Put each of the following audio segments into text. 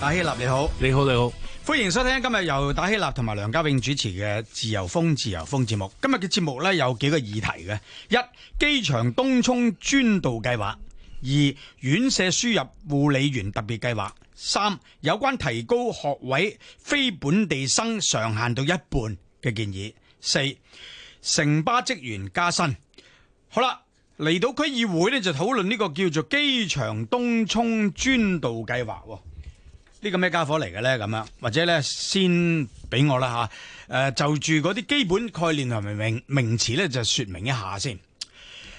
打希臘，你好，你好你好，歡迎收聽今日由打希臘同埋梁家永主持嘅自由風自由風節目。今日嘅節目呢，有幾個議題嘅：一、機場東涌專道計劃；二、院舍輸入護理員特別計劃；三、有關提高學位非本地生上限到一半嘅建議；四、城巴職員加薪。好啦，嚟到區議會呢，就討論呢個叫做機場東涌專道計劃。呢個咩家伙嚟嘅呢？咁樣或者呢，先俾我啦吓。誒，就住嗰啲基本概念同名名名詞呢就說明一下先。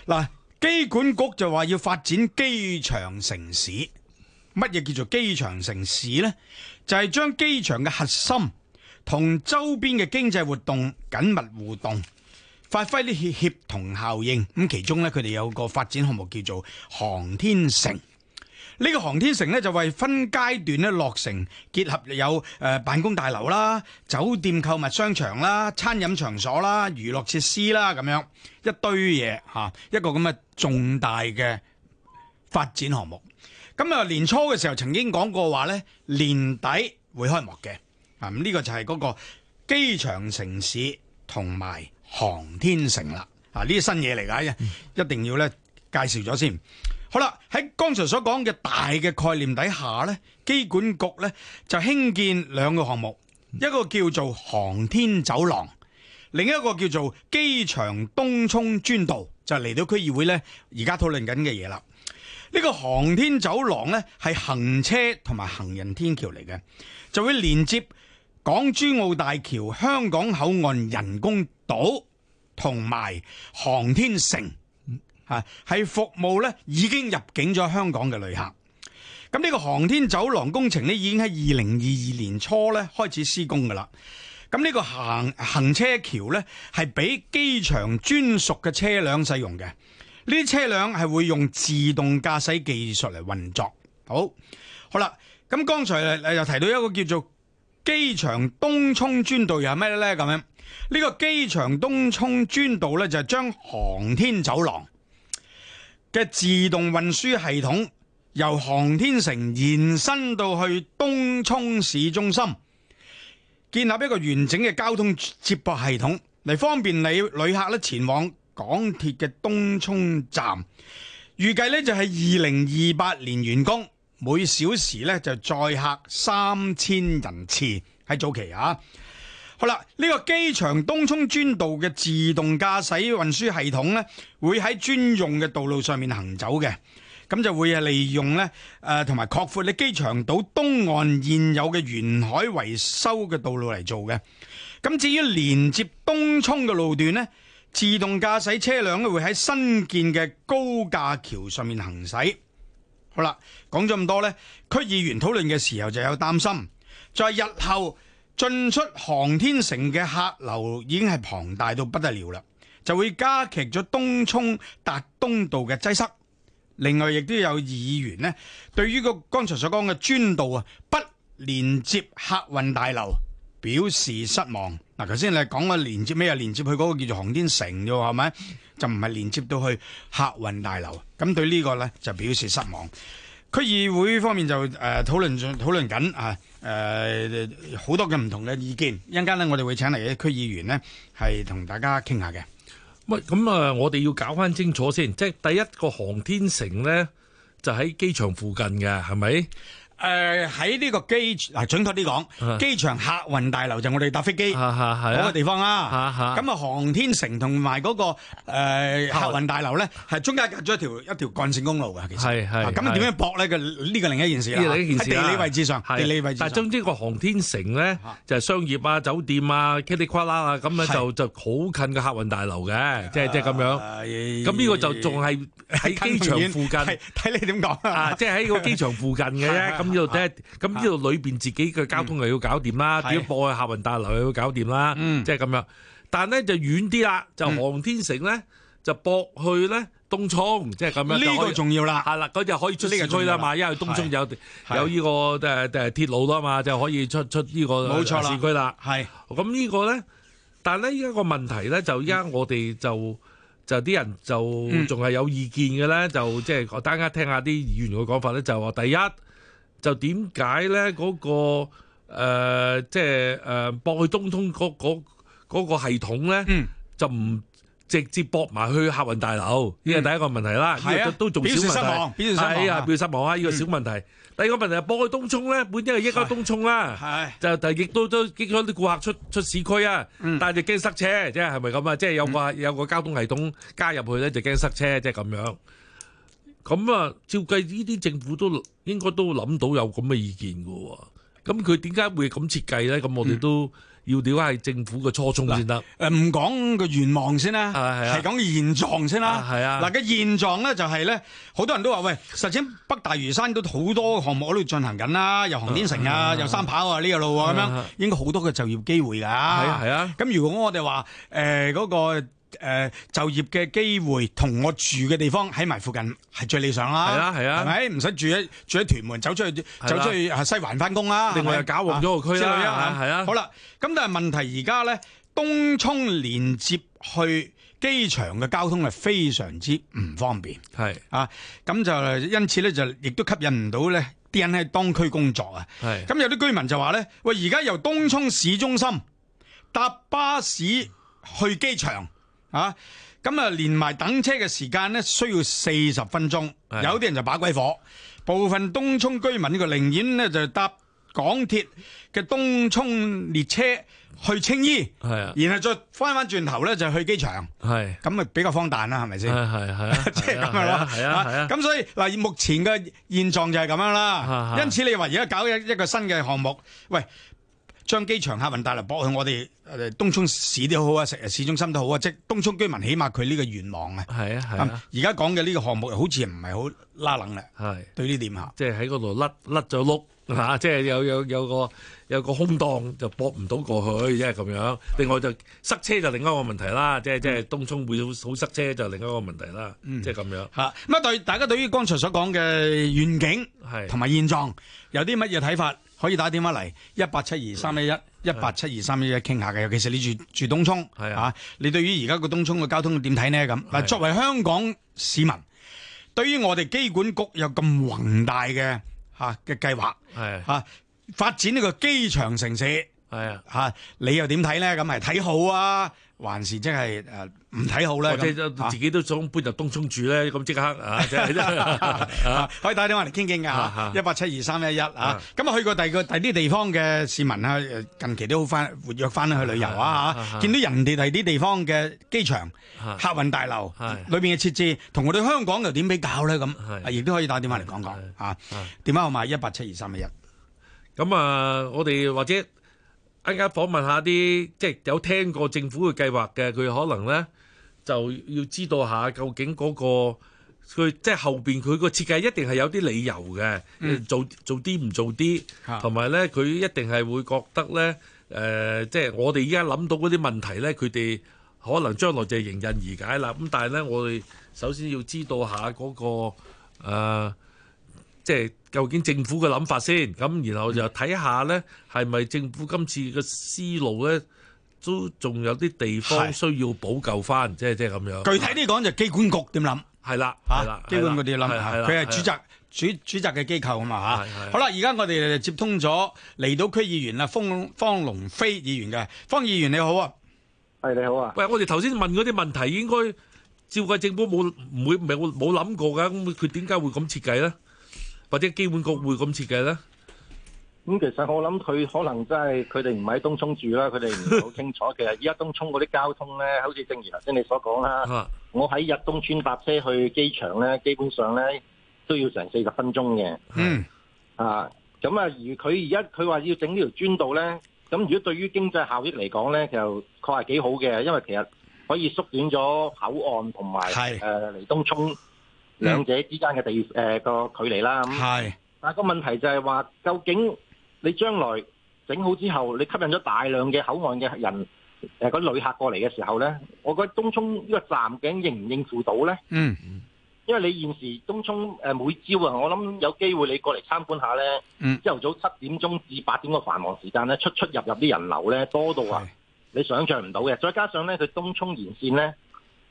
嗱，機管局就話要發展機場城市。乜嘢叫做機場城市呢？就係將機場嘅核心同周邊嘅經濟活動緊密互動，發揮啲協同效應。咁其中呢，佢哋有個發展項目叫做航天城。呢、這個航天城呢，就為分階段咧落成，結合有誒辦公大樓啦、酒店、購物商場啦、餐飲場所啦、娛樂設施啦，咁樣一堆嘢吓，一個咁嘅重大嘅發展項目。咁啊年初嘅時候曾經講過話，呢年底會開幕嘅啊。咁、這、呢個就係嗰個機場城市同埋航天城啦。啊，呢啲新嘢嚟嘅，一定要咧介紹咗先。好啦，喺剛才所講嘅大嘅概念底下呢，機管局呢就興建兩個項目，一個叫做航天走廊，另一個叫做機場東涌專道，就嚟到區議會呢，而家討論緊嘅嘢啦。呢個航天走廊呢，係行車同埋行人天橋嚟嘅，就會連接港珠澳大橋、香港口岸人工島同埋航天城，啊！係服務咧，已經入境咗香港嘅旅客。咁呢個航天走廊工程呢已經喺二零二二年初咧開始施工噶啦。咁呢個行行車橋呢，係俾機場專屬嘅車輛使用嘅。呢啲車輛係會用自動駕駛技術嚟運作好。好好啦。咁剛才你又提到一個叫做機場東涌專道，又係咩呢？咁樣呢個機場東涌專道呢，就係將航天走廊。嘅自動運輸系統由航天城延伸到去東涌市中心，建立一個完整嘅交通接駁系統，嚟方便你旅客咧前往港鐵嘅東涌站。預計呢就係二零二八年完工，每小時呢就載客三千人次，喺早期啊！好啦，呢、這個機場東涌專道嘅自動駕駛運輸系統呢，會喺專用嘅道路上面行走嘅，咁就會係利用呢，誒、呃，同埋擴闊你機場島東岸現有嘅沿海維修嘅道路嚟做嘅。咁至於連接東涌嘅路段呢，自動駕駛車輛呢會喺新建嘅高架橋上面行駛。好啦，講咗咁多呢，區議員討論嘅時候就有擔心，在、就是、日後。進出航天城嘅客流已經係龐大到不得了啦，就會加劇咗東涌達東道嘅擠塞。另外，亦都有議員呢，對於個剛才所講嘅專道啊，不連接客運大樓，表示失望。嗱，頭先你講個連接咩啊？連接去嗰個叫做航天城啫，係咪？就唔係連接到去客運大樓。咁對呢個呢，就表示失望。區議會方面就誒討論討論緊啊。誒、呃、好多嘅唔同嘅意見，一陣間咧我哋會請嚟嘅區議員咧，係同大家傾下嘅。喂，咁啊，我哋要搞翻清楚先，即係第一個航天城咧，就喺機場附近嘅，係咪？誒喺呢個機場準確啲講，機場客運大樓就我哋搭飛機嗰、啊啊那個地方啦。咁啊，啊啊那個、航天城同埋嗰個、呃啊、客運大樓咧，係中間隔咗一條一條幹線公路嘅。其實咁啊，點、啊、樣駁咧？呢、這個另一件事啊。喺、啊、地理位置上，啊、地理位置上。但係總之呢個航天城咧、啊，就係、是、商業啊、酒店啊、kitty quala 啊，咁啊就就好近嘅客運大樓嘅，即係即係咁樣。咁、啊、呢個就仲係喺機場附近。睇你點講啊？即係喺個機場附近嘅啫。 呢度睇咁，呢度裏邊自己嘅交通又要搞掂啦。點駁去客運大樓又要搞掂啦，即係咁樣。但係咧就遠啲啦，就航天城咧就駁去咧東涌，即係咁樣呢個重要啦。係啦，嗰就可以出市區啦嘛，因為東涌有有呢個誒誒鐵路啦嘛，就可以出出呢個市區啦。係咁呢個咧，但係咧依家個問題咧就依家我哋就就啲人就仲係有意見嘅咧，就即係我等陣聽下啲議員嘅講法咧，就話第一。就點解咧嗰個、呃、即係誒、呃、駁去東涌嗰、嗰個系統咧、嗯，就唔直接駁埋去客運大樓，呢、嗯、個第一個問題啦。係啊，都仲少問題，係啊，表示失望啊！呢個小問題、嗯。第二個問題係駁去東涌咧，本身係一家東涌啦、啊，就就亦都都激咗啲顧客出出市區啊，嗯、但係就驚塞車，即係係咪咁啊？即、嗯、係、就是、有個有個交通系統加入去咧，就驚塞車，即係咁樣。咁啊，照計呢啲政府都應該都諗到有咁嘅意見㗎喎、啊。咁佢點解會咁設計咧？咁我哋都要點解係政府嘅初衷先得、啊？唔講個願望先啦、啊，係、啊、講、啊、現狀先啦。係啊，嗱、啊、個、啊啊、現狀咧就係、是、咧，好多人都話喂，實踐北大嶼山都好多項目喺度進行緊、啊、啦，又航天城啊，又、啊、三跑啊呢、這個路啊，咁、啊、樣應該好多嘅就業機會㗎。係啊係啊，咁、啊啊、如果我哋話誒嗰個。誒、呃，就業嘅機會同我住嘅地方喺埋附近係最理想啦。係啊係啊，係咪唔使住喺住喺屯門，走出去、啊、走出去西環翻工啦，另外又搞旺咗個區啦。係啊,啊,啊,啊,啊,啊,啊，好啦，咁但係問題而家咧，東涌連接去機場嘅交通係非常之唔方便。係啊，咁、啊、就因此咧就亦都吸引唔到咧啲人喺當區工作啊。係、啊，咁有啲居民就話咧，喂，而家由東涌市中心搭巴士去機場。啊，咁啊，連埋等車嘅時間咧，需要四十分鐘，有啲人就把鬼火，部分東涌居民呢個寧願咧就搭港鐵嘅東涌列車去青衣，係啊，然後再翻翻轉頭咧就去機場，係、啊，咁啊比較荒誕啦，係咪先？係係，即係咁樣咯，係啊係啊，咁、啊啊啊啊啊啊啊啊、所以嗱，目前嘅現狀就係咁樣啦，因此你話而家搞一一個新嘅項目，喂。將機場客運帶嚟駁向我哋東涌市都好啊，成市中心都好啊，即係東涌居民起碼佢呢個願望啊。係啊，係而家講嘅呢個項目好似唔係好拉冷啦。係。對呢點下、就是、甩甩甩甩啊？即係喺嗰度甩甩咗碌嚇，即係有有有個有個空檔就駁唔到過去，即係咁樣。另外就塞車就另一個問題啦，即係即係東涌會好塞車就另一個問題啦，即係咁樣。嚇咁啊！對大家對於剛才所講嘅願景同埋現狀有啲乜嘢睇法？可以打電話嚟，一八七二三一一一八七二三一一傾下嘅，尤其是你住住東涌嚇、啊，你對於而家個東涌嘅交通點睇呢？咁嗱，作為香港市民，對於我哋機管局有咁宏大嘅嚇嘅計劃，係嚇、啊、發展呢個機場城市，係啊嚇，你又點睇呢？咁係睇好啊！還是即係誒唔睇好咧，或者自己都想搬入東涌住咧，咁 即立刻啊！ 可以打電話嚟傾傾噶，一八七二三一一啊！咁 啊去過第二個第二啲地方嘅市民啊，近期都好翻活躍翻去旅遊啊！嚇， 見到人哋第二啲地方嘅機場、 客運大樓裏邊嘅設置，同我哋香港又點比較咧？咁亦都可以打電話嚟講講嚇，電話號碼一八七二三一一。咁 啊，我哋或者。啱啱訪問一下啲，即係有聽過政府嘅計劃嘅，佢可能呢就要知道下究竟嗰、那個佢即係後邊佢個設計一定係有啲理由嘅、嗯，做做啲唔做啲，同、啊、埋呢，佢一定係會覺得呢，誒、呃，即係我哋依家諗到嗰啲問題呢，佢哋可能將來就迎刃而解啦。咁但係呢，我哋首先要知道下嗰、那個、呃即係究竟政府嘅諗法先咁，然後就睇下咧係咪政府今次嘅思路咧都仲有啲地方需要補救翻，即係即係咁樣。具體啲講就機管局點諗？係啦嚇，機管局啲諗，佢係、啊、主責主主責嘅機構啊嘛嚇。好啦，而家我哋接通咗離島區議員啦，方方龍飛議員嘅，方議員你好啊，係你好啊。喂，我哋頭先問嗰啲問題，應該照計政府冇唔會冇冇諗過㗎，咁佢點解會咁設計咧？或者基本局會咁設計咧？咁、嗯、其實我諗佢可能真係佢哋唔喺東涌住啦，佢哋唔好清楚。 其實而家東涌嗰啲交通咧，好似正如頭先你所講啦。 我喺日東村搭車去機場咧，基本上咧都要成四十分鐘嘅。嗯 啊，咁啊，而佢而家佢話要整呢條專道咧，咁如果對於經濟效益嚟講咧，就確係幾好嘅，因為其實可以縮短咗口岸同埋誒嚟東涌。兩者之間嘅地誒、呃、個距離啦、嗯，但係個問題就係話，究竟你將來整好之後，你吸引咗大量嘅口岸嘅人誒個、呃、旅客過嚟嘅時候咧，我覺得東涌呢個站嘅應唔應付到咧？嗯，因為你現時東涌誒、呃、每朝啊，我諗有機會你過嚟參觀一下咧，朝、嗯、頭早七點鐘至八點嘅繁忙時間咧，出出入入啲人流咧多到啊，你想象唔到嘅，再加上咧佢東涌沿線咧。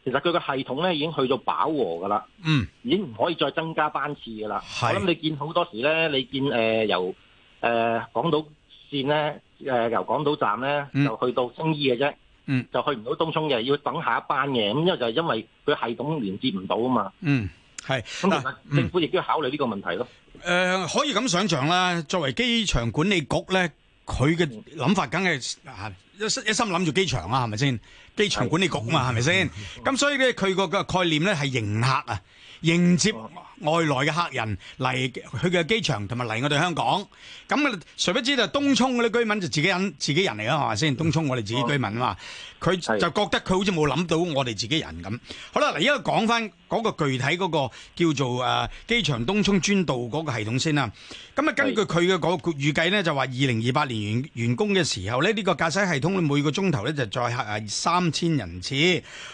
其實佢個系統咧已經去到飽和噶啦，嗯，已經唔可以再增加班次噶啦。我諗你見好多時咧，你見誒由誒港島綫咧，誒、呃、由港島站咧就、呃嗯、去到青衣嘅啫，嗯，就去唔到東涌嘅，要等下一班嘅。咁因為就係因為佢系統連接唔到啊嘛，嗯，係。咁、啊、政府亦都要考慮呢個問題咯。誒、呃，可以咁想象啦，作為機場管理局咧。佢嘅諗法梗係一一心諗住機場啊，係咪先？機場管理局嘛，係咪先？咁所以咧，佢個概念咧係迎客啊，迎接。外來嘅客人嚟去嘅機場，同埋嚟我哋香港，咁啊，誰不知就東涌嗰啲居民就自己人，自己人嚟啊係咪先？東涌我哋自己居民啊，嘛、哦，佢就覺得佢好似冇諗到我哋自己人咁。好啦，嗱而家講返個具體個叫做誒機、啊、場東涌專道個系統先啦。咁啊，根據佢嘅個預計咧，就話二零二八年完完工嘅時候咧，呢、這個駕駛系統每個鐘頭咧就載客係三千人次，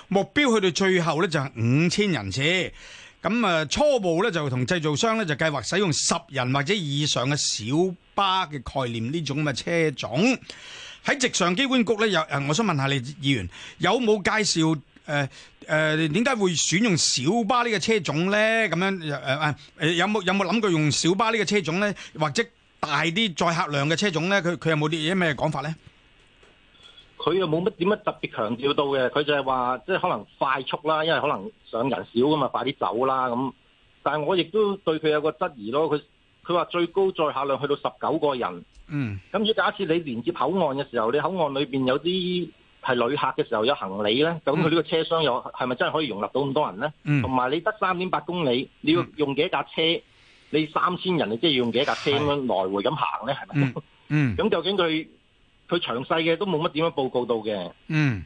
目標去到最後咧就係、是、五千人次。咁啊，初步，咧就同製造商咧就計劃使用十人或者以上嘅小巴嘅概念呢種嘅車種。喺直上機管局咧，有誒，我想問下你議員有冇介紹誒誒？點、呃、解、呃、會選用小巴呢個車種咧？咁樣誒誒、呃，有冇有冇諗過用小巴呢個車種咧？或者大啲載客量嘅車種咧？佢佢有冇啲咩講法咧？佢又冇乜點乜特別強調到嘅，佢就係話即係可能快速啦，因為可能上人少㗎嘛，快啲走啦咁。但係我亦都對佢有個質疑咯，佢佢話最高載客量去到十九個人，嗯，咁如果假設你連接口岸嘅時候，你口岸裏邊有啲係旅客嘅時候有行李咧，咁佢呢個車廂有係咪真係可以容納到咁多人咧？同、嗯、埋你得三點八公里，你要用幾架車？嗯、你三千人，你即係要用幾架車咁樣來回咁行咧？係咪？嗯，咁、 嗯、究竟佢佢詳細嘅都冇乜點樣報告到嘅？嗯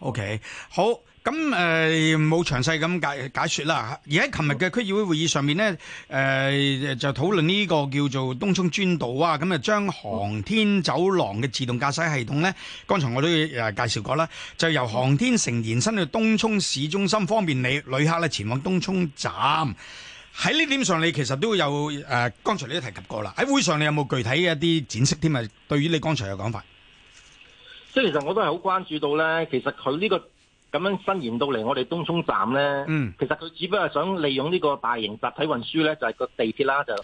，OK，好。咁誒冇詳細咁解解説啦。而喺琴日嘅區議會會議上面呢，誒、呃、就討論呢個叫做東涌專道啊。咁啊將航天走廊嘅自動駕駛系統呢，剛才我都介紹過啦。就由航天城延伸去東涌市中心方面，方便你旅客咧前往東涌站。喺呢點上，你其實都有誒、呃，剛才你都提及過啦。喺會上，你有冇具體嘅一啲展示添啊？對於你剛才嘅講法，即係其實我都係好關注到呢。其實佢呢、呢個。咁樣伸延到嚟，我哋東涌站咧，其實佢只不過係想利用呢個大型集體運輸咧，就係個地鐵啦，就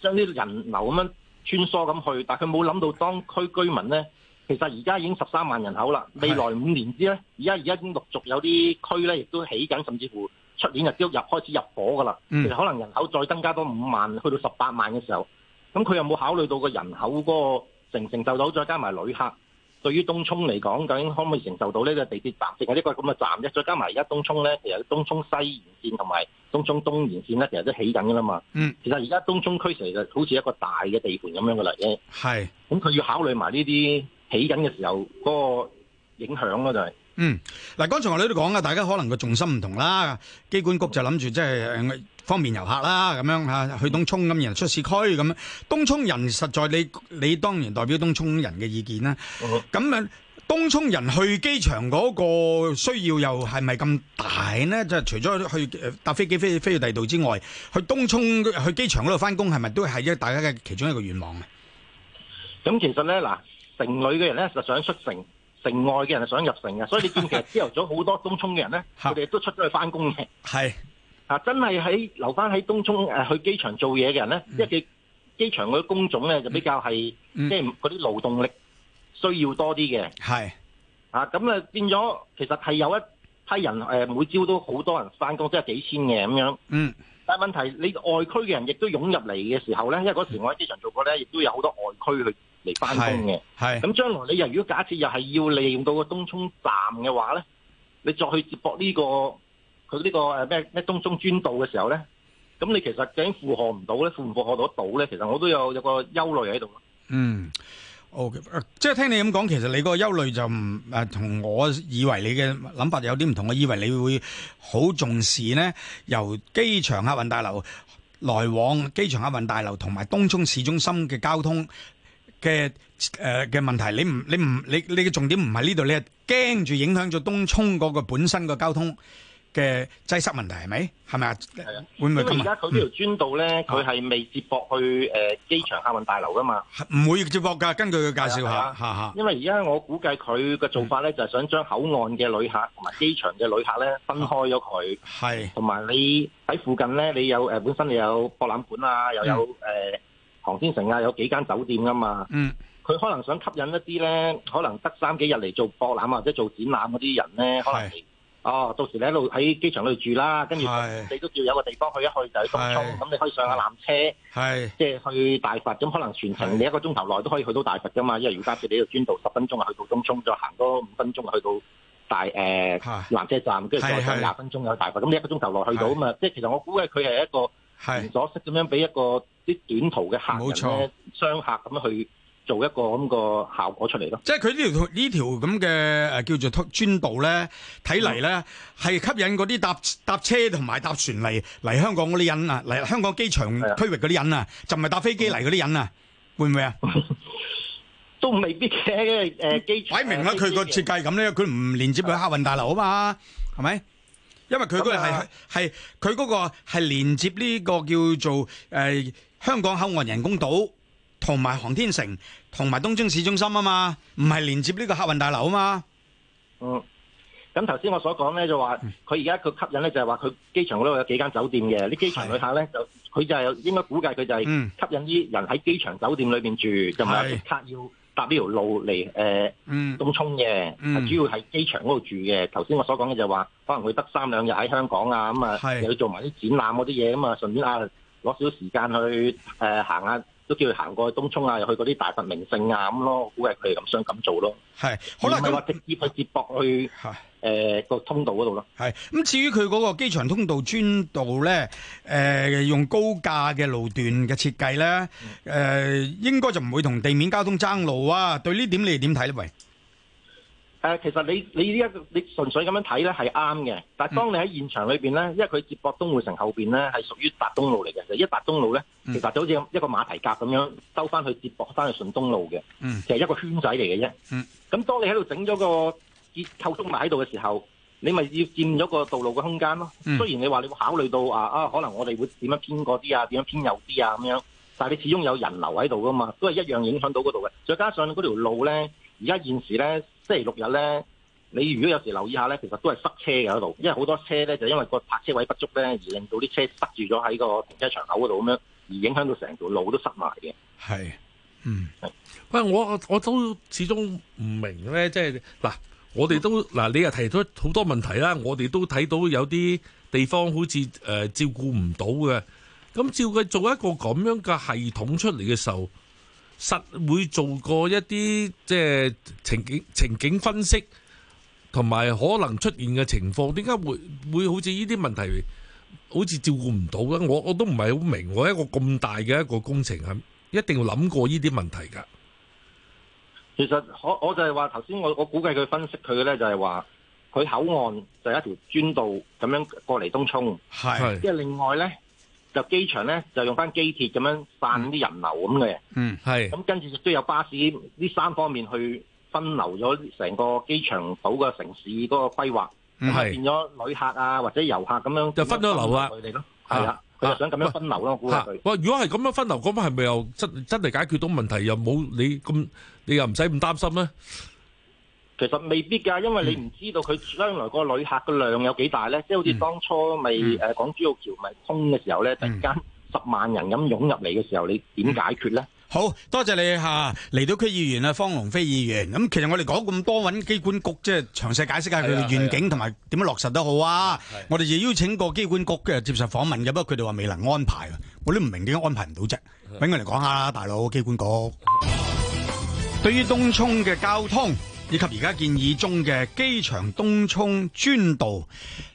將啲人流咁樣穿梭咁去。但係佢冇諗到當區居民咧，其實而家已經十三萬人口啦。未來五年之咧，而家而家陸續有啲區咧，亦都起緊，甚至乎出年日、秋入開始入伙㗎啦、嗯。其實可能人口再增加多五萬，去到十八萬嘅時候，咁佢又冇考慮到個人口嗰個承承受到，再加埋旅客？對於東涌嚟講，究竟可唔可以承受到呢個地鐵站，淨係呢個咁嘅站啫？再加埋而家東涌咧，其實東涌西延線同埋東涌東延線咧，其實都起緊噶啦嘛。嗯，其實而家東涌區其實好似一個大嘅地盤咁樣嘅啦。誒，係，咁佢要考慮埋呢啲起緊嘅時候嗰個影響咯，就係。嗯，嗱，剛才我哋都講啊，大家可能個重心唔同啦。機管局就諗住即係方便遊客啦，咁樣嚇去東涌咁人出市區咁，東涌人實在你你當然代表東涌人嘅意見啦。咁、嗯、啊，東涌人去機場嗰個需要又係咪咁大呢？就除咗去搭飛機飛飛去第二度之外，去東涌去機場嗰度翻工係咪都係一大家嘅其中一個願望啊？咁其實咧，嗱，城裏嘅人咧就想出城，城外嘅人想入城嘅，所以你見其實朝頭早好多東涌嘅人咧，佢 哋都出咗去翻工嘅。係。啊！真係喺留翻喺東涌誒去機場做嘢嘅人咧，因為佢機場嗰啲工種咧就比較係即係嗰啲勞動力需要多啲嘅。係啊，咁啊變咗其實係有一批人誒，每朝都好多人翻工，即係幾千嘅咁樣。嗯，但係問題你外區嘅人亦都湧入嚟嘅時候咧，因為嗰時我喺機場做過咧，亦都有好多外區去嚟翻工嘅。係，咁將來你又如果假設又係要利用到個東涌站嘅話咧，你再去接駁呢個？佢呢個誒咩咩東涌專道嘅時候咧，咁你其實究竟負荷唔到咧，負唔負荷到得到咧？其實我都有有個憂慮喺度。嗯，okay，呃，即係聽你咁講，其實你個憂慮就唔誒同我以為你嘅諗法有啲唔同。我以為你會好重視呢，由機場客運大樓來往機場客運大樓同埋東涌市中心嘅交通嘅誒嘅問題。你唔你唔你你嘅重點唔係呢度，你係驚住影響咗東涌嗰個本身個交通。嘅擠塞問題係咪？係咪啊、嗯呃、啊，啊，啊？啊，會唔會因為而家佢呢條專道咧，佢係未接駁去誒機場客運大樓噶嘛？唔會接駁噶，根據佢介紹下，因為而家我估計佢嘅做法咧、嗯，就係、是、想將口岸嘅旅客同埋機場嘅旅客咧分開咗佢。同、啊、埋、啊、你喺附近咧，你有、呃、本身你有博覽館啊，又有航天城啊，有幾間酒店噶嘛。嗯。佢可能想吸引一啲咧，可能得三幾日嚟做博覽、啊、或者做展覽嗰啲人咧、嗯嗯，可能。哦，到時你喺度喺機場度住啦，跟住你都要有個地方去一去就去、是、東涌，咁你可以上一下纜車，即係、就是、去大佛，咁可能全程你一個鐘頭內都可以去到大佛㗎嘛，因為如果搭車你喺度專道十分鐘啊去到東涌，再行多五分鐘去到大誒纜、呃、車站，跟住再行廿分鐘又大佛，咁你一個鐘頭內去到啊嘛，即係其實我估計佢係一個唔所識咁樣俾一個啲短途嘅客人咧商客咁樣去。做一個咁個效果出嚟咯，即係佢呢條呢條咁嘅誒叫做專道咧，睇嚟咧係吸引嗰啲搭搭車同埋搭船嚟嚟香港嗰啲人啊，嚟香港機場區域嗰啲人啊，就唔係搭飛機嚟嗰啲人啊，會唔會啊？都未必嘅誒機場，擺明啦，佢個設計咁咧，佢唔連接去客運大樓啊嘛，係咪？因為佢嗰個係係佢嗰個係連接呢個叫做誒香港口岸人工島同埋航天城。同埋東涌市中心啊嘛，唔係連接呢個客運大樓啊嘛。嗯，咁頭先我所講咧就話，佢而家佢吸引咧就係話佢機場嗰度有幾間酒店嘅，啲機場旅客咧就佢就係、是、應該估計佢就係吸引啲人喺機場酒店裏邊住，嗯、就唔係即刻要搭呢條路嚟誒東涌嘅。係、呃嗯嗯、主要係機場嗰度住嘅。頭先我所講嘅就話，可能佢得三兩日喺香港啊，咁、嗯、啊又要做埋啲展覽嗰啲嘢，咁啊順便啊攞少時間去誒、呃、行下、啊。都叫佢行過去東涌啊，又去嗰啲大佛名勝啊咁咯，估計佢係咁想咁做咯。係，可能佢話直接去接駁去誒個通道嗰度咯。係，咁至於佢嗰個機場通道專道咧，誒用高架嘅路段嘅設計咧，誒應該就唔會同地面交通爭路啊。對呢點你哋點睇咧，喂？誒、呃，其實你你呢、這、一個你純粹咁樣睇咧係啱嘅，但係當你喺現場裏邊咧，因為佢接駁東薈城後邊咧係屬於達東路嚟嘅，就是、一達東路咧、嗯，其實就好似一個馬蹄甲咁樣兜翻去接駁翻去順東路嘅、嗯，其實一個圈仔嚟嘅啫。咁、嗯嗯、當你喺度整咗個結構築物喺度嘅時候，你咪要佔咗個道路嘅空間咯、嗯。雖然你話你會考慮到啊啊，可能我哋會點樣偏嗰啲啊，點樣偏右啲啊咁樣，但係你始終有人流喺度噶嘛，都係一樣影響到嗰度嘅。再加上嗰條路咧，而家現時咧。星期六日咧，你如果有時留意下咧，其實在都係塞車嘅嗰度，因為好多車咧就因為個泊車位不足咧，而令到啲車塞住咗喺個停車場口嗰度咁樣，而影響到成條路都塞埋嘅。係，嗯，喂，我我都始終唔明咧，即係嗱，我哋都嗱，你又提出好多問題啦，我哋都睇到有啲地方好似誒、呃、照顧唔到嘅，咁照佢做一個咁樣嘅系統出嚟嘅時候。實會做過一啲即係情景情景分析，同埋可能出現嘅情況，點解會會好似呢啲問題好似照顧唔到咧？我我都唔係好明，我一個咁大嘅一個工程，一定要諗過呢啲問題噶。其實我我就係話頭先，我我估計佢分析佢嘅咧，就係話佢口岸就係一條專道咁樣過嚟東涌，係即係另外咧。就機場咧，就用翻機鐵咁樣散啲人流咁嘅。嗯，係。咁跟住亦都有巴士，呢三方面去分流咗成個機場島嘅城市嗰個規劃，係變咗旅客啊或者遊客咁樣就分咗流啊佢哋咯，係啦，佢就想咁樣分流咯。我估下佢。哇！如果係咁樣分流，咁係咪又真真係解決到問題？又冇你咁，你又唔使咁擔心咧？其實未必噶，因為你唔知道佢將來個旅客嘅量有幾大咧、嗯，即係好似當初未誒港珠澳橋咪通嘅時候咧、嗯，突然間十萬人咁湧入嚟嘅時候，你點解決咧？好多謝你吓嚟到區議員啊，方龍飛議員。咁、嗯、其實我哋講咁多揾機管局，即係詳細解釋下佢嘅願景同埋點樣落實都好啊。我哋亦邀請過機管局嘅接受訪問嘅，不過佢哋話未能安排，我都唔明點解安排唔到啫。俾我嚟講下啦，大佬機管局，的對於東涌嘅交通。以及而家建議中嘅機場東涌專道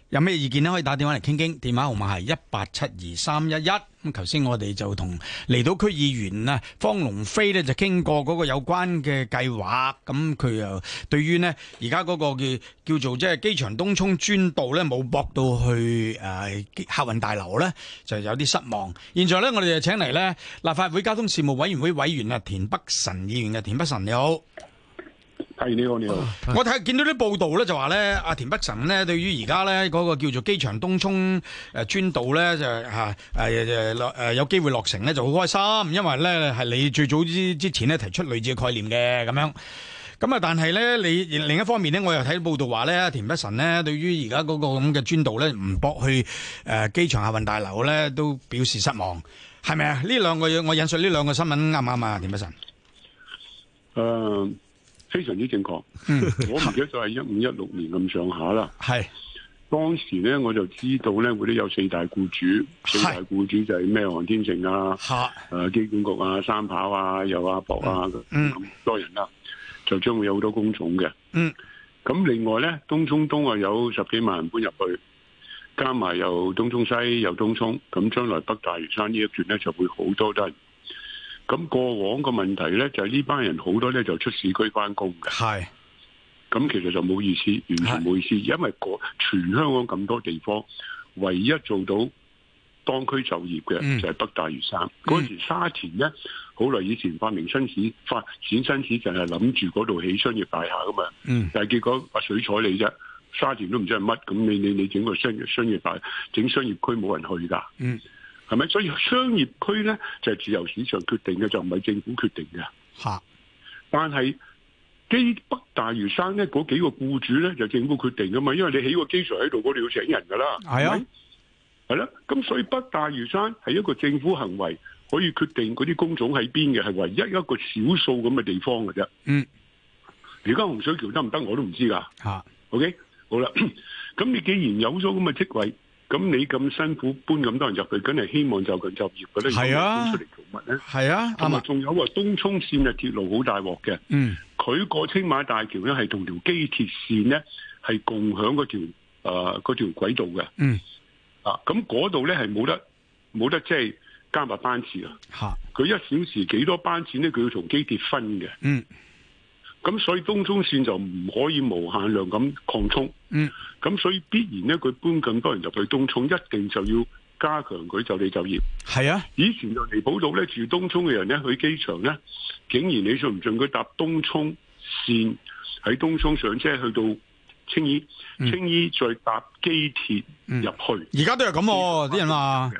有咩意見咧？可以打電話嚟傾傾。電話號碼係一八七二三一一。咁頭先我哋就同離島區議員啊方龍飛咧就傾過嗰個有關嘅計劃。咁佢又對於呢而家嗰個嘅叫做即係機場東涌專道呢冇駁到去誒客運大樓呢，就有啲失望。現在呢，我哋就請嚟呢立法會交通事務委員會委員啊田北辰議員嘅，田北辰你好。睇你好，你好。我睇見到啲報道咧，就話咧，阿田北辰呢，對於而家咧嗰個叫做機場東涌誒、呃、專道咧，就吓誒誒落誒有機會落成咧，就好開心，因為咧係你最早之之前咧提出類似嘅概念嘅咁樣。咁啊，但係咧你另一方面咧，我又睇報道話咧，田北辰呢對於而家嗰個咁嘅專道咧，唔駁去誒機場客運大樓咧，都表示失望，係咪啊？呢兩個嘢我引述呢兩個新聞啱唔啱啊？田北辰。誒、uh...。非常之正確， 我唔記得就係一五一六年咁上下啦。係 當時咧，我就知道咧，會都有四大僱主，四大僱主就係咩航天城啊、誒、 呃、機管局啊、三跑啊、有阿博啊咁 多人啦、啊，就將會有好多工種嘅。嗯，咁另外咧，東涌東啊有十幾萬人搬入去，加埋又東涌西又東涌，咁將來北大嶼山呢一段咧就會好多都係。咁過往嘅問題呢，就係呢班人好多呢，就出市區返工嘅。係，咁其實就冇意思，完全冇意思。因為全香港咁多地方，唯一做到當區就業嘅就係北大嶼山。嗰、嗯、陣時沙田呢，好耐以前發明新市發展新，新市就係諗住嗰度起商業大廈噶嘛。嗯、但係結果阿水彩你啫，沙田都唔知係乜咁，你你你整個商業商業大廈整商業區冇人去噶。嗯。係咪？所以商業區咧就係、是、自由市場決定嘅，就唔係政府決定嘅。吓、啊！但係基北大嶼山咧嗰幾個僱主咧就政府決定噶嘛？因為你起個機場喺度，嗰度要請人噶啦。係啊，係啦。咁所以北大嶼山係一個政府行為，可以決定嗰啲工種喺邊嘅，係唯一一個少數咁嘅地方㗎啫。嗯。而家洪水橋得唔得？我都唔知噶。吓、啊。O、okay? K。好啦。咁 你既然有咗咁嘅職位。咁你咁辛苦搬咁多人入去，梗係希望就近就業嘅咧。係啊，搬出嚟做乜咧？係啊，同埋仲有話東涌綫嘅鐵路好大鑊嘅。嗯，佢過青馬大橋咧，係同條機鐵綫咧係共享嗰條誒條軌道嘅。嗯，啊，咁嗰度咧係冇得冇得即係加密班次啦。吓，佢一小時幾多班次咧？佢要同機鐵分嘅。嗯。咁所以東涌綫就唔可以無限量咁擴充。嗯，咁所以必然咧，佢搬咁多人入去東涌，一定就要加強佢就地就業。係啊，以前就離譜到咧，住東涌嘅人咧去機場咧，竟然你信唔信佢搭東涌綫喺東涌上車去到青衣，青、嗯、衣再搭機鐵入去，而、嗯、家都係咁喎，啲人話。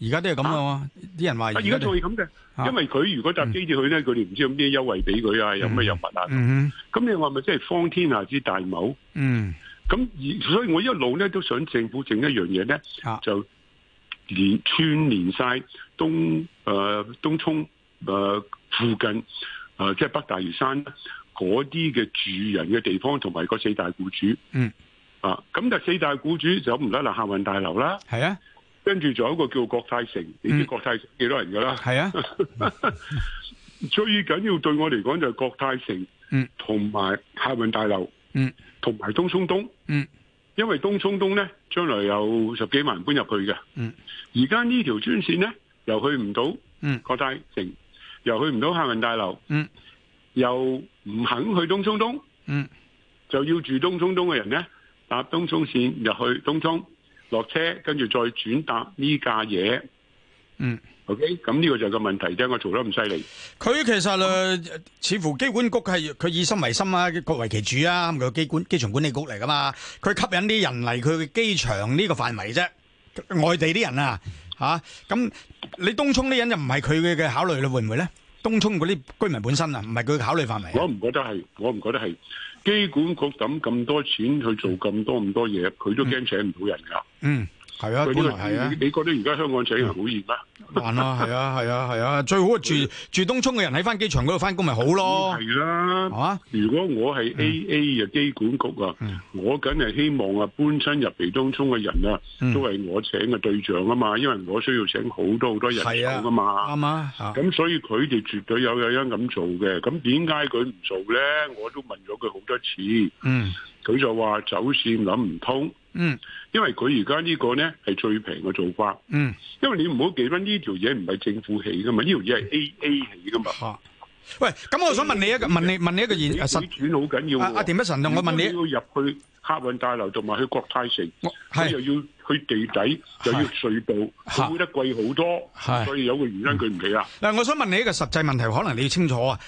而家都係咁咯，啲、啊、人話而家仲係咁嘅。因為佢如果搭機鐵去咧，佢哋唔知道有咩優惠俾佢啊，有咩入物啊？咁、嗯嗯、你話咪即係方天下之大謀？嗯，咁所以我一路咧都想政府整一樣嘢咧、啊，就連串連晒東誒、呃、東涌誒、呃、附近誒即係北大嶼山嗰啲嘅住人嘅地方，同埋個四大僱主。嗯啊，咁就四大僱主就唔得啦，客運大樓啦，係啊。跟住仲有一個叫國泰城，嗯、你知國泰城幾多人㗎啦？係啊，嗯、 最緊要對我嚟講就係國泰城，同埋客運大樓，同、嗯、埋東涌東、嗯。因為東涌東咧，將來有十幾萬人搬入去嘅。而、嗯、家呢條專線咧，又去唔到國泰城，嗯、又去唔到客運大樓、嗯，又唔肯去東涌東、嗯，就要住東涌東嘅人咧，搭東涌線入去東涌落車，跟住再轉搭呢架嘢，嗯，OK，咁呢個就係個問題啫。我做得咁犀利，佢其實、呃、似乎機管局係佢以心為心啊，各為其主啊。咁佢機管機場管理局嚟噶嘛，佢吸引啲人嚟佢嘅機場呢個範圍啫。外地啲人啊，吓、啊、咁你東涌啲人就唔係佢嘅考慮，你會唔會咧？東涌嗰啲居民本身啊，唔係佢嘅考慮範圍。我唔覺得係，我唔覺得係。機管局抌咁多錢去做咁多咁多嘢，佢都驚請唔到人噶。嗯。係啊，係啊，你覺得而家香港請人好熱啊？難啊，係啊，係啊，係啊！ 最好啊，住住東涌嘅人喺翻機場嗰度翻工咪好咯？係啦，啊。嚇、啊！如果我係 A A 嘅機管局啊，嗯，我梗係希望啊搬親入嚟東涌嘅人啊，嗯，都係我請嘅對象啊嘛，因為我需要請好多好多人手啊嘛。啱啊。咁所以佢哋絕對有有因咁做嘅。咁點解佢唔做咧？我都問咗佢好多次。嗯。佢就話走線諗唔通，嗯，因為佢而家呢個咧係最平嘅做法，嗯，因為你唔好記翻呢條嘢唔係政府起㗎嘛，呢條嘢係 AA 起㗎嘛，喂，咁我想問你一個，問你問你一個現、啊、實轉好緊要阿田先生，我問你，你要入、啊啊、去客運大樓同埋去國泰城，佢、啊、又要去地底，又要隧道，會得貴好多？所以有個原因佢唔起啦。嗱、嗯，我想問你一個實際問題，可能你要清楚啊。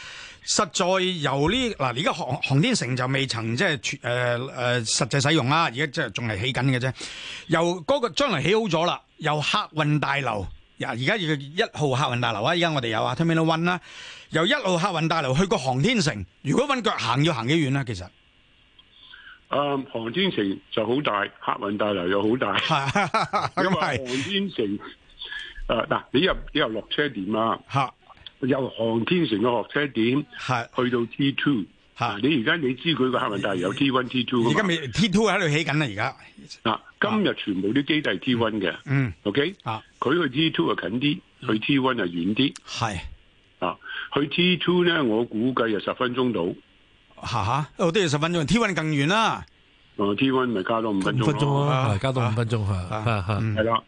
實在由呢嗱，而家航航天城就未曾即係誒誒實際使用啦，而家即係仲係起緊嘅啫。由嗰個將嚟起好咗啦，由客運大樓，而而家要一號客運大樓啦，而家我哋有啊，Terminal One 啦，由一號客運大樓去個航天城，如果搵腳行要行幾遠啊？其實，啊，航天城就好大，客運大樓又好大，因為航天城誒嗱， 你又你又落車點啊？ 由航天城嘅落車點去到 T two，吓，你而家你知佢個黑問大有 T one T two，而家未 T two 喺度起緊啦，而家、啊、今日全部啲基地 T one 嘅，嗯，OK，啊，佢去 T two 就近啲、嗯，去 T one 就遠啲，係啊，去 T two 咧，我估計就十分鐘到，吓、啊、吓，我都係十分鐘，T one 更遠啦，T one 咪加多五分鐘、啊啊、加多五分鐘吓，係、啊、啦，咁、啊啊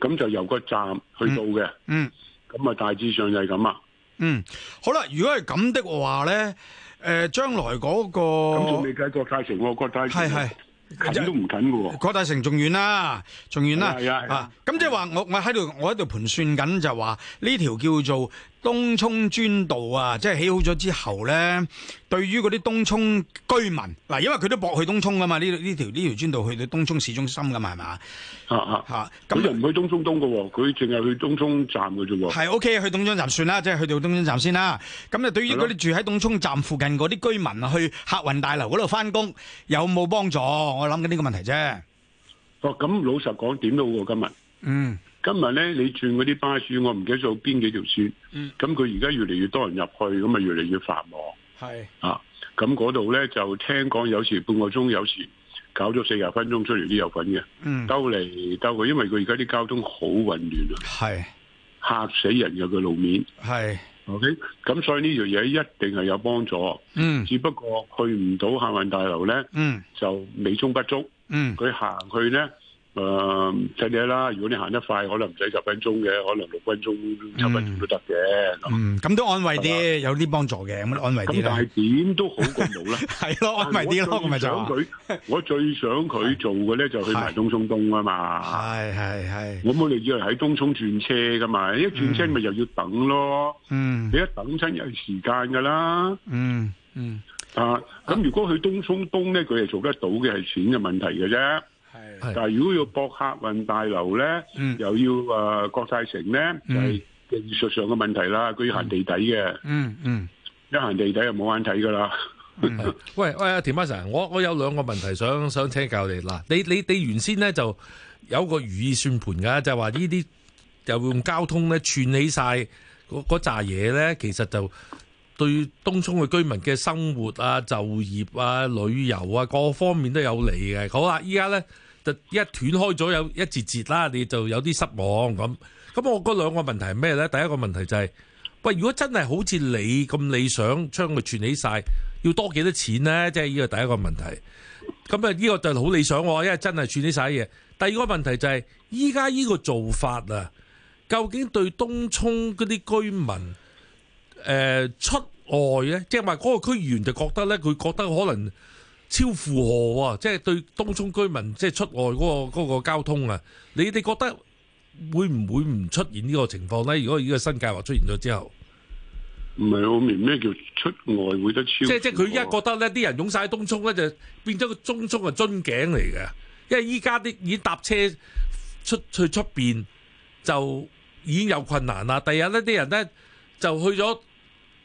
嗯、就由個站去到嘅，嗯。嗯咁啊，大致上就係咁啊。嗯，好啦，如果係咁的話咧，誒、呃，將來嗰、嗰個咁仲未計國泰城喎，國泰係係近都唔近喎、哦，國泰城仲遠啦，仲遠啦。係啊係啊。咁即係話，我我喺度，我喺度盤算緊，就話呢條叫做東涌專道啊，即係起好咗之後咧，對於嗰啲東涌居民，嗱，因為佢都駁去東涌噶嘛，呢，呢條呢條專道去到東涌市中心噶嘛，係嘛？吓吓吓，咁就唔去東涌東噶喎，佢淨係去東涌站噶啫喎。係 OK，去東涌站算啦，即係去到東涌站先啦。咁就對於嗰啲住喺東涌站附近嗰啲居民去客運大樓嗰度翻工有冇幫助？我諗緊呢個問題啫。哦、啊，咁老實講，點都好過、啊、今日。嗯。今日咧，你轉嗰啲巴士，我唔記得咗邊幾條線。咁佢而家越嚟越多人入去，咁咪越嚟越繁忙。啊，咁嗰度咧就聽講有時半個鐘，有時搞咗四十分鐘出嚟都有份嘅。嗯。兜嚟兜去，因為佢而家啲交通好混亂啊。嚇死人嘅個路面。O K，咁所以呢樣嘢一定係有幫助。嗯。只不過去唔到客運大樓咧。嗯。就美中不足。嗯。佢行去咧。誒、嗯，即你啦。如果你行得快，可能唔使十分鐘嘅，可能六分鐘、七分鐘都得嘅。嗯，咁、嗯、都安慰啲，有啲幫助嘅，咁安慰啲。但係點都好過冇啦。係 咯，安慰啲咯，咁咪就。佢，我最想佢做嘅咧就去埋東涌東啊嘛。係係係。我冇理由喺東涌轉車噶嘛，因為轉、嗯、車咪又要等咯。嗯，你一等親有時間噶啦。嗯嗯。啊，咁如果去東涌東咧，佢係做得到嘅，係錢嘅問題嘅啫。但係如果要博客運大樓咧、嗯，又要誒、國、呃、泰城咧，就係、是、技術上嘅問題啦。佢、嗯、要行地底嘅，嗯嗯，一行地底就冇眼睇噶啦。喂喂，田先生，我我有兩個問題想想請教你。嗱，你你你原先咧就有一個如意算盤噶，就話呢啲又用交通咧串起晒嗰嗰扎嘢咧，其實就對東涌嘅居民嘅生活啊、就業啊、旅遊啊各方面都有利嘅。好啦，依家咧，一斷開咗有一節節啦，你就有啲失望咁。咁我嗰兩個問題係咩呢？第一個問題就係、是，喂，如果真係好似你咁理想將佢串起晒，要多幾多錢呢？即係呢個第一個問題。咁啊，呢個就好理想喎，因為真係串起晒嘢。第二個問題就係、是，依家呢個做法啊，究竟對東涌嗰啲居民誒、呃、出外呢？即係埋嗰個區議員就覺得呢？佢覺得可能。超負荷喎，即係對東涌居民即係出外嗰個嗰個交通啊！你哋覺得會唔會唔出現呢個情況咧？如果依個新計劃出現咗之後，唔係我明咩叫出外會得超。即即係佢而家覺得咧，啲人擁晒東涌咧，就變咗個中涌嘅樽頸嚟嘅。因為依家啲已經搭車出去出面，就已經有困難啦。第二日呢啲人咧就去咗。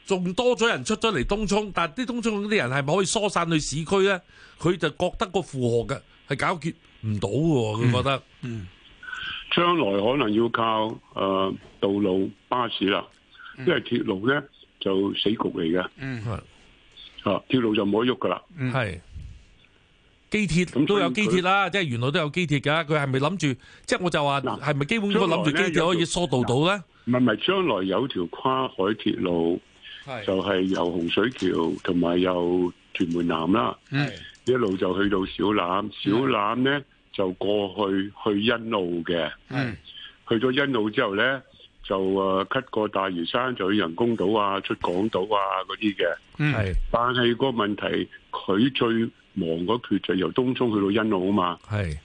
仲多咗人出咗嚟東涌，但係啲東涌嗰啲人係咪可以疏散去市區咧？佢就覺得個負荷嘅係搞決唔到嘅，佢覺得。嗯，將、嗯、來可能要靠誒、呃、道路巴士啦，因為鐵路咧就死局嚟嘅。嗯，啊，鐵路就冇得喐噶啦。嗯，係。機鐵咁都有機鐵啦，即係原來都有機鐵噶。佢係咪諗住？即係我就話，係咪基本我諗住機鐵可以疏導到咧？唔係唔係，將來有條跨海鐵路。是就係、是、由洪水橋同埋由屯門南啦，一路就去到小欖，小欖呢就過去去欣澳嘅。去咗欣澳之後呢，就啊 cut 過大嶼山，就去人工島啊、出港島啊嗰啲嘅。但係個問題，佢最忙嗰段就由東涌去到欣澳啊嘛。係，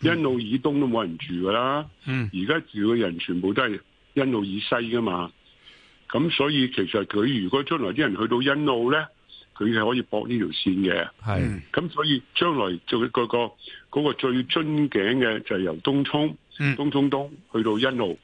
欣澳以東都冇人住噶啦。而家、嗯、住嘅人全部都係欣澳以西噶嘛。咁所以其實佢如果將來啲人去到欣澳咧，佢係可以駁呢條線嘅。咁、嗯、所以將來做、那、嗰個嗰、那個最樽頸嘅就係由東涌、嗯，東涌東去到欣澳。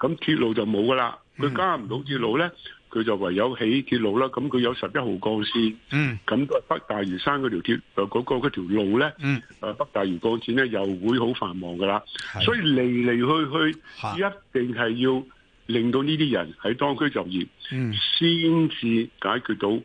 咁鐵路就冇噶啦。佢加唔到鐵路咧，佢就唯有起鐵路啦。咁佢有十一號幹線，嗯，咁北大嶼山嗰條鐵，誒、那、嗰個嗰條、那個、路咧，嗯，北大嶼幹線咧又會好繁忙噶啦。所以嚟嚟去去一定係要。令到呢啲人喺當區就業，先、嗯、至解決到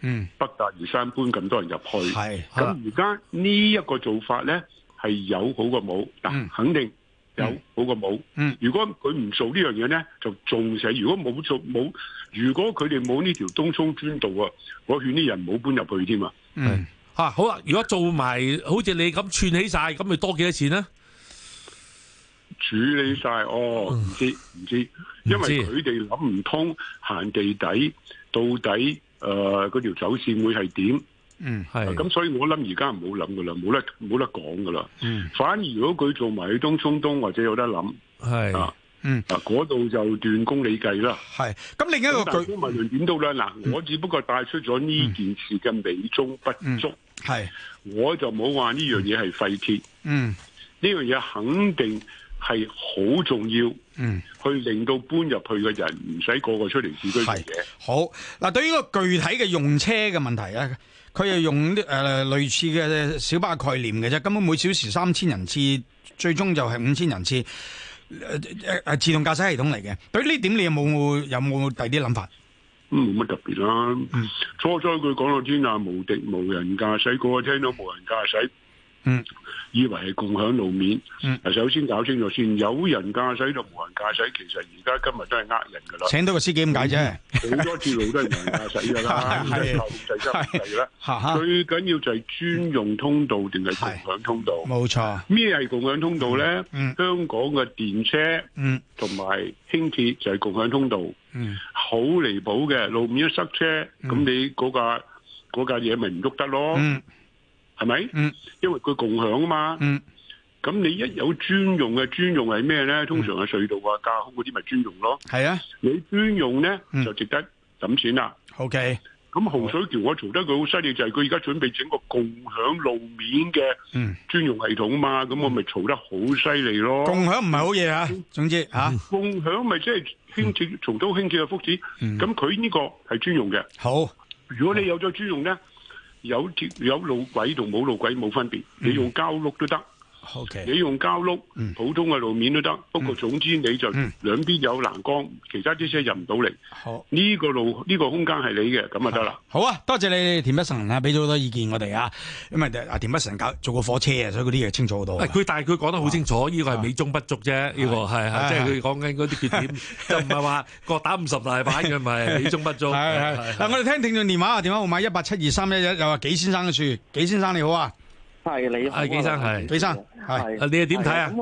北大嶼山搬咁多人入去。咁而家呢一個做法咧係有好過冇，嗱、嗯、肯定有好過冇、嗯嗯。如果佢唔做呢樣嘢咧，就仲死。如果冇做冇，如果佢哋冇呢條東涌專道啊，我勸啲人冇搬入去添、嗯、啊。嚇好啦、啊！如果做埋好似你咁串起晒，咁咪多幾多錢呢？處理晒哦，唔知唔、嗯、知，因為佢哋諗唔通行地底到底誒嗰條走綫會係點？嗯，係咁、啊，所以我諗而家唔好諗噶啦，冇得冇得講噶啦。嗯，反而如果佢做埋東涌東或者有得諗，係、啊，嗯，嗱嗰度就斷功理計啦。係，咁另一個佢，但係都點到啦。嗱、啊嗯，我只不過帶出咗呢件事嘅美中不足。係、嗯嗯，我就冇話呢樣嘢係廢鐵。嗯，呢樣嘢肯定。係好重要，嗯，去令到搬入去嘅人唔使個，個個出嚟自居嘅。好嗱，對呢個具體嘅用車嘅問題咧，佢係用啲誒、呃、類似嘅小巴概念嘅啫，根本每小時三千人次，最終就係五千人次。誒、呃、誒，自動駕駛系統嚟嘅。對呢點，你有冇有冇第啲諗法？冇乜特別啦、嗯。初初佢講到天下無敵，無人駕駛過，聽到無人駕駛。嗯，以為係共享路面，嗯，首先搞清楚先，有人駕駛同無人駕駛，其實而家今日都係呃人噶啦。請到個司機點解啫？好、嗯、多條路都係無人駕駛噶啦，係靠控制機啦。最緊要就係專用通道定係、嗯、共享通道。冇錯，咩係共享通道咧、嗯？香港嘅電車，嗯，同埋輕鐵就係共享通道。嗯，好離譜嘅，路面一塞車，咁、嗯、你嗰架嗰架嘢咪唔喐得咯？嗯係咪？嗯，因為佢共享啊嘛。嗯，咁你一有專用嘅專用係咩咧？通常係隧道啊、架空嗰啲咪專用咯。係啊，你專用咧、嗯、就值得抌錢啦。OK，咁洪水橋我嘈得佢好犀利，就係佢而家準備整個共享路面嘅專用系統啊嘛。咁我咪嘈得好犀利咯、嗯。共享唔係好嘢啊。總之吓、嗯啊，共享咪即係興建、重造、興建嘅福祉。咁佢呢個係專用嘅。好，如果你有咗專用咧。有條有路軌同冇路軌冇分別，你用膠碌都得。Okay. 你用膠碌普通嘅路面都得，嗯，不過總之你就，嗯、兩邊有欄杆，其他啲車入唔到嚟。呢個路呢個空間係你嘅，咁啊得啦。好啊，多謝你田北辰啊，俾咗好多意見我哋啊，因為阿田北辰搞做過火車啊，所以嗰啲嘢清楚好多。佢但係佢講得好清楚，呢個係美中不足啫，呢個係即係佢講緊嗰啲缺點，就唔係話各打五十大板嘅咪美中不足。嗱，我哋聽聽眾電話啊，電話號碼一八七二三一一，又話紀先生嘅樹，紀先生你好啊。 是的係你係，係紀生係，紀生係，你係點睇啊？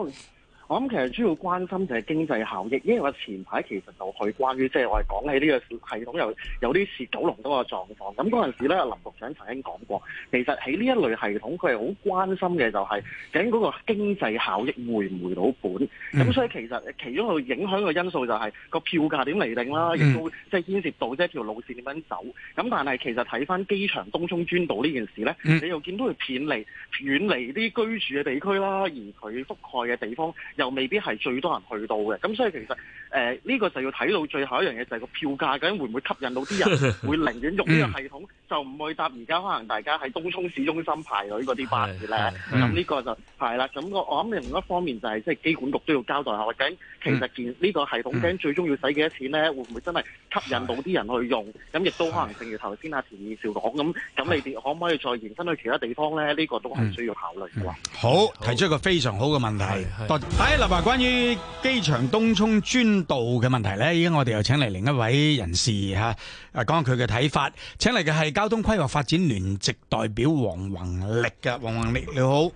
我諗其實主要關心就係經濟效益，因為我前排其實就去關於即係我哋講起呢個系統有有啲似九龍多嘅狀況。咁嗰陣時咧，林局長曾經講過，其實喺呢一類系統，佢係好關心嘅就係究竟嗰個經濟效益回唔回到本。咁、嗯、所以其實其中一個影響嘅因素就係、是、個票價點嚟定啦，亦、嗯、都即係牽涉到即係條路線點樣走。咁但係其實睇翻機場東涌專道呢件事咧、嗯，你又見到佢偏離遠離啲居住嘅地區啦，而佢覆蓋嘅地方，又未必係最多人去到嘅，咁所以其實誒呢、呃呢個就要睇到最後一樣嘢就係、係、個票價究竟會唔會吸引到啲人會寧願用呢個系統。 嗯就唔會答而家可能大家喺東涌市中心排隊嗰啲巴士咧，咁呢個就係啦。咁、嗯、我我諗另外一方面就係即係機管局都要交代下，或者其實建呢個系統究竟、嗯、最終要使幾多錢咧？會唔會真係吸引到啲人去用？咁亦都可能正如頭先阿田二少講咁，咁你哋可唔可以再延伸去其他地方咧？呢、呢個都係需要考慮嘅、嗯。好，提出一個非常好嘅問題。喺立白關於機場東涌專道嘅問題咧，依家我哋又請嚟另一位人士嚇、啊啊，講佢嘅睇法。請嚟嘅係。交通規劃發展聯席代表黃弘曆嘅，黃弘曆你好，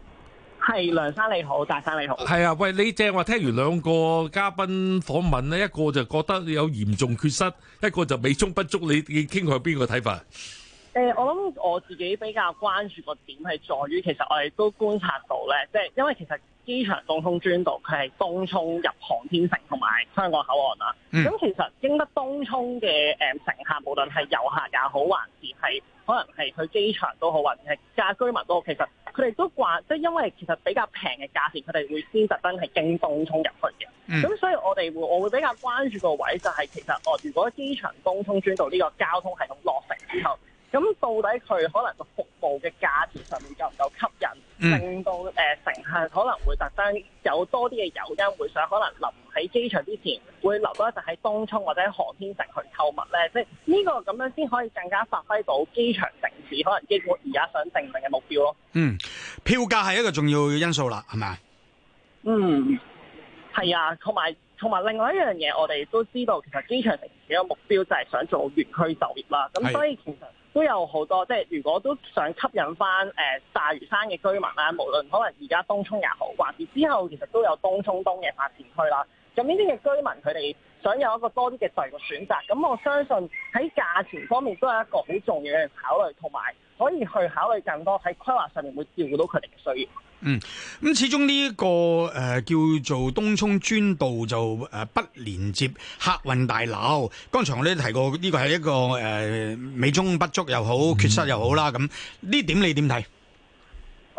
係梁生你好，大生你好，係啊，喂，你正話聽完兩個嘉賓訪問咧，一個就覺得有嚴重缺失，一個就美中不足，你你傾向有邊個睇法？誒，我諗我自己比較關注個點係在於，其實我哋都觀察到咧，即係因為其實。機場東涌專道，佢係東涌入航天城同埋香港口岸啊。咁、嗯、其實經得東涌嘅誒乘客，無論係遊客也好，還是係可能係去機場都好，或者係家居民都好，其實佢哋都話，即係因為其實比較平嘅價錢，佢哋會先特登係經東涌入去嘅。咁、嗯、所以我哋會，我會比較關注個位就係其實，我如果機場東涌專道呢個交通系統落成之後。咁到底佢可能個服務嘅價錢上面夠唔夠吸引，嗯、令到誒乘客可能會特登有多啲嘅誘因會想可能臨喺機場之前會留多一陣喺東涌或者喺航天城去購物咧，即係呢個咁樣先可以更加發揮到機場城市可能基本而家想定明嘅目標咯。嗯，票價係一個重要因素啦，係咪？嗯，係啊，同埋同埋另外一樣嘢，我哋都知道其實機場城市嘅目標就係想做園區就業啦，咁所以其實。都有好多，即係如果都想吸引翻誒大嶼山嘅居民啦，無論可能而家東涌也好，或者之後其實都有東涌東嘅發展區啦。咁呢啲嘅居民佢哋想有一個多啲嘅地嘅選擇。咁我相信喺價錢方面都係一個好重要嘅考慮，同埋可以去考慮更多喺規劃上面會照顧到佢哋嘅需要。嗯，咁始終呢、這個誒、呃、叫做東涌專道就誒、呃、不連接客運大樓。剛才我哋提過呢個係一個誒、呃、美中不足又好、嗯、缺失又好啦。咁呢點你點睇？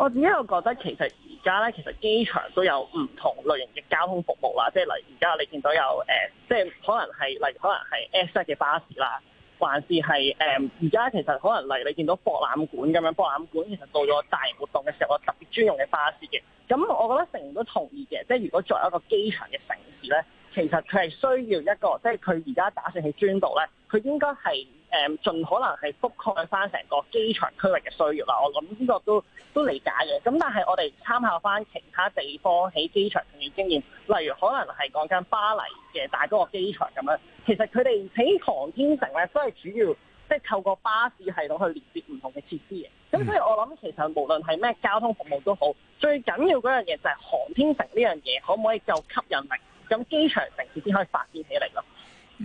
我自己又覺得其實而家咧，其實機場都有唔同類型嘅交通服務啦，即係例如而家你見到有誒，即係可能係例如可能係 S1 嘅巴士啦，還是係誒而家其實可能例如你見到博覽館咁樣，博覽館其實到咗大型活動嘅時候，特別專用嘅巴士嘅。咁我覺得成員都同意嘅，即係如果作為一個機場嘅城市咧，其實佢係需要一個，即係佢而家打算去專道咧，佢應該係。誒，盡可能係覆蓋翻成個機場區域嘅需要啦。我諗呢個都都理解嘅。咁但係我哋參考翻其他地方喺機場嘅經驗，例如可能係講緊巴黎嘅大個機場咁樣，其實佢哋喺航天城咧都係主要即係透過巴士系統去連接唔同嘅設施嘅。咁、嗯、所以我諗其實無論係咩交通服務都好，最緊要嗰樣嘢就係航天城呢樣嘢可唔可以夠吸引力，咁機場城市先可以發展起嚟咯。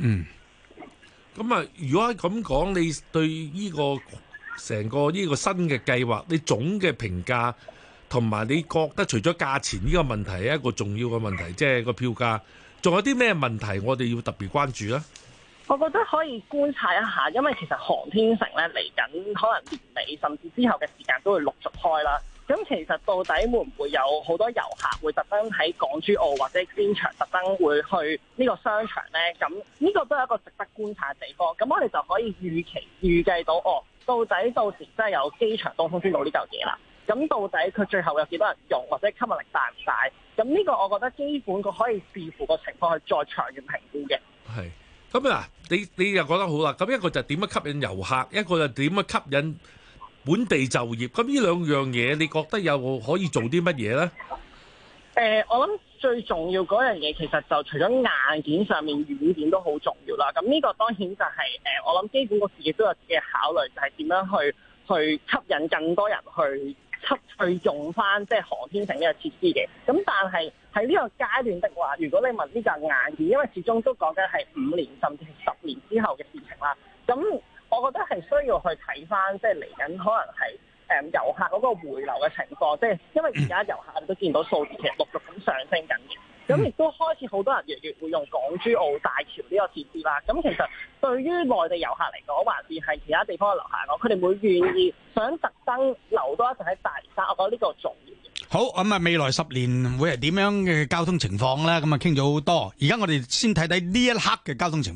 嗯。咁啊，如果咁講，你對呢個成個呢個新嘅計劃，你總嘅評價同埋你覺得除咗價錢呢個問題一個重要嘅問題，即係個票價仲有啲咩問題，我哋要特別關注啦？我覺得可以觀察一下，因為其實航天城咧嚟緊可能年尾，甚至之後嘅時間都會陸續開啦。咁其實到底會唔會有好多遊客會特登喺港珠澳或者機場特登會去呢個商場呢？咁呢個都係一個值得觀察嘅地方。咁我哋就可以預期、預計到哦。到底到時真係有機場東涌專道呢嚿嘢啦。咁到底佢最後有幾多人用，或者吸引力大唔大？咁呢個我覺得基本佢可以視乎個情況去再長遠評估嘅。係。咁啊，你你又覺得好啦。咁一個就點樣吸引遊客，一個就點樣吸引？本地就業，咁呢兩樣嘢，你覺得又可以做啲乜嘢呢？誒，我諗最重要嗰樣嘢，其實就除咗硬件上面，軟件都好重要啦。咁呢個當然就係誒，我諗基本個企業都有自己嘅考慮，就係點樣去去吸引更多人去吸去用翻即係航天城呢個設施嘅。咁但係喺呢個階段的話，如果你問呢個硬件，因為始終都講緊係五年甚至係十年之後嘅事情啦，咁。我覺得係需要去睇翻，即係嚟緊可能係誒、嗯、遊客嗰個回流嘅情況，即係因為而家遊客都見到數字其實陸續咁上升緊嘅，咁亦都開始好多人越來越會用港珠澳大橋呢個設施啦。咁其實對於內地遊客嚟講，或者係其他地方嘅遊客，我佢哋會願意想特登留多一陣喺大沙，我覺得呢個重要。好，咁啊，未來十年會係點樣嘅交通情況咧？咁啊，傾咗好多，而家我哋先睇睇呢一刻嘅交通情況。